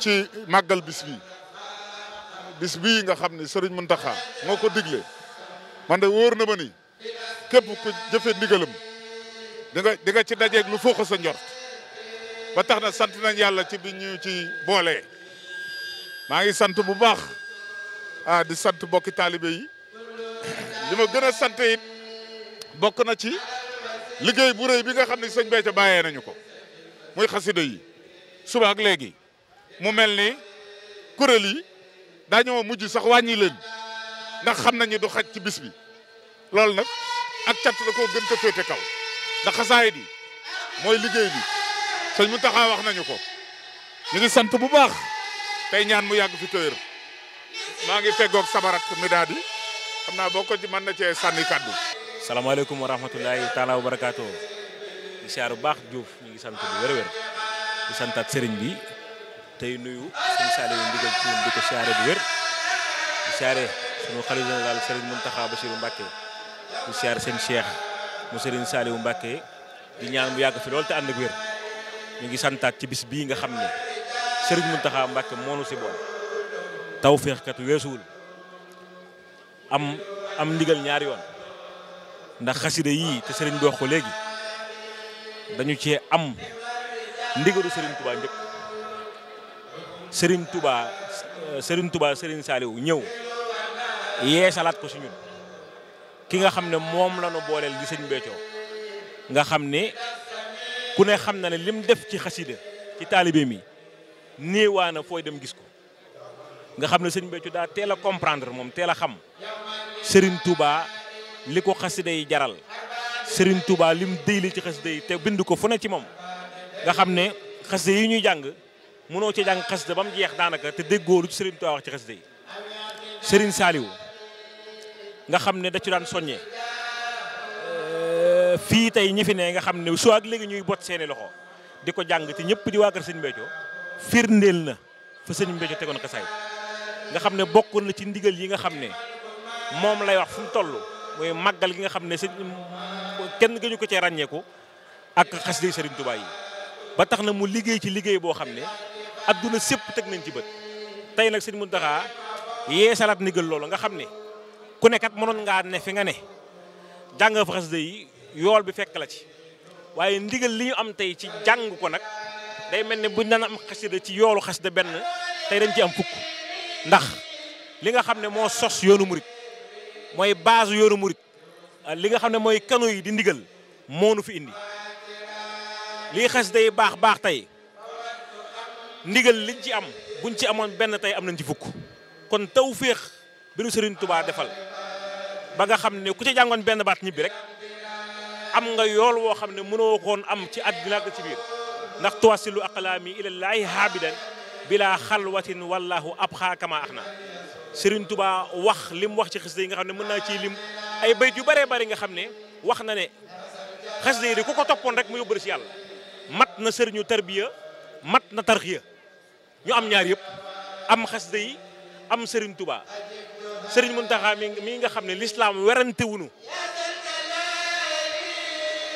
ci màggal bis bii bis bii nga xam ne Serigne Mountakha moo ko digle man de wóor na ma ni képp ku jëfe ndigalam di nga ci dajeeg lu fooxa sa njort ba tax na sant nañ yàlla ci bi ñu ci boole maa ngi sant bu baax ah di sant bokki taalibe yi ma gën a sant bokk na ci liggéey bu rëy bi nga xam ne sëñ Béthio bàyyee nañu ko muy xasida yi suba ak léegi mu mel ni kuréel yi dañoo mujj sax wàññi leen ndax xam nañu du xaj ci bismi bi loolu nag ak cat da koo gën a féete kaw ndax xasaayit di mooy liggéey bi sëñ mu taxaa wax nañu ko ñu ngi sant bu baax tey ñaan mu yàgg fi téwér maa ngi feggoog sabarat mi daa di xam naa boo ko ci mën na cee sànni kàddu salaamaaleykum wa rahmatulahi taala wa barakaatu di siyaar bu baax Diouf ñu ngi sant bu wér di santaat sëriñ bi tey nuyu suñu Saliou ndigal ci di ko siyaare bu wér di siyaare suñu xalifa général Serigne Mountakha Bassirou Mbacké di siyaare seen Cheikh mu Serigne Saliou Mbacké ñaan mu yàgg fi loolu te ànd ak wér ñu ngi santaat ci bis bii nga xam ne Serigne Mountakha Mbacké moonu si bool taw féexkat weesuwul am am ndigal ñaari yoon ndax xasida yii te Serigne bi wax ko léegi dañu cee am ndigalu Serigne Touba njëkk Serigne Touba euh, Serigne Touba Serigne Saliou ñëw yee salaat ko si ñun ki nga xam ne moom la ñu booleel di sëñ Béthio nga xam ne ku ne xam na ne lim def ci xasida ci taalibe mi néewaa na fooy dem gis ko nga xam ne sëñ Béthio daa teel a comprendre moom teel a xam Serigne Touba li ko xasida yi jaral sëriñ Touba lim déyli ci xasida yi te bind ko fu ne ci moom nga xam ne xasida yi ñuy jàng. mënoo ci jàng xasida ba mu jeex daanaka te déggoo lu ci Serigne Touba wax ci xasida yi Serigne Saliou nga xam ne da ci daan soññee euh, fii tey ñi fi ne nga xam ne su ak léegi ñuy boot seeni loxo di ko jàng te ñëpp di waa kër sëñ Mbéthio firndeel na fa sëñ Mbéthio tegoon xasaay nga xam ne bokkoon na ci ndigal yi nga xam ne moom lay wax fu mu toll mooy màggal gi nga xam ne sëñ kenn gënu ko cee ràññeeku ak xas day sëriñ Tuubaa yi ba tax na mu liggéey ci liggéey boo xam ne adduna sépp teg nañ ci bët tey nag seen mu Muntaxa yee salaat ndigal loolu nga xam ne ku nekkat mënoon ngaa ne fi nga ne jàng fa xasida yool bi fekk la ci waaye ndigal li am tey ci jàng ko nag day mel ni buñ daan am xasida ci yoolu xasida benn tey dañ ci am fukk ndax li nga xam ne moo sos yoonu murit mooy base yoonu murit li nga xam ne mooy kanu yi di ndigal moonu fi indi lii xasida yi baax baax tey ndigal liñ ci am buñ ci amoon benn tey am nañ ci fukk kon taw féex bi nu Serigne Touba defal ba nga xam ne ku ca jàngoon benn baat ñibbi rek am nga yool woo xam ne mënoo koon am ci àddina ak ci biir ndax tuwasilu aqlaami ilallaahi haabidan bila xalwatin wallahu abxa kama na Serigne tubaa wax lim wax ci xasida yi nga xam ne mën naa ciy lim ay bayt yu bëree bëri nga xam ne wax na ne xasida yi di ku ko toppoon rek mu yóbbu si yàlla mat na sëriñu tarbiya mat na ñu am ñaar yëpp am xasida yi am sëriñ Touba Serigne Mountakha mi nga xam ne lislaam werante wuñu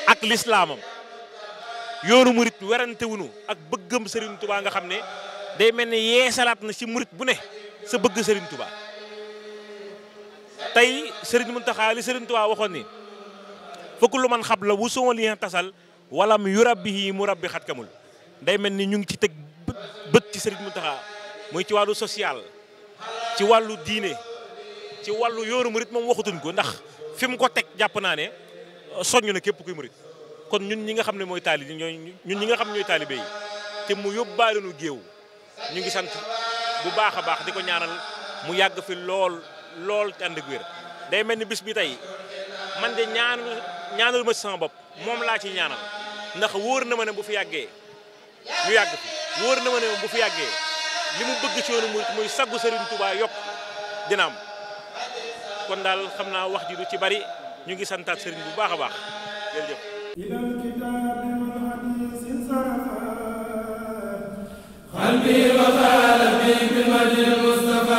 ak lislaamam yoonu murit werante ak bëggam sëriñ tubaa nga xam ne day mel ne yeesalaat na ci murit bu ne sa bëgg sëriñ Touba tey Serigne Mountakha li Serigne Touba waxoon ni fokk lu man xab la wu suma lien tasal wala mu yurab bi mu rab mel ni ñu ngi ci tëg mu Mountakha muy ci wàllu social ci wàllu diine ci wàllu yoonu murit moom waxatuñ ko ndax fi mu ko teg jàpp naa ne euh, soññ na képp ki murit kon ñun ñi nga xam ne mooy taali ñooy ñun ñi nga xam ñooy taalibe yi te mu yóbbaale nu géew ñu ngi sant bu baax a baax di ko ñaanal mu yàgg fi lool lool te ànd ak day mel ni bis bi tey man de ñaan ñaanal ma ci bopp moom laa ci ñaanal ndax wóor na ma ne bu fi yàggee ñu yàgg wóor na ma ne bu fi yàggee li mu bëgg ci yoonu muy muy saggu Serigne baa yokk dina kon daal xam naa wax ji du ci bari ñu ngi santaat Serigne bu baax a baax jërëjëf.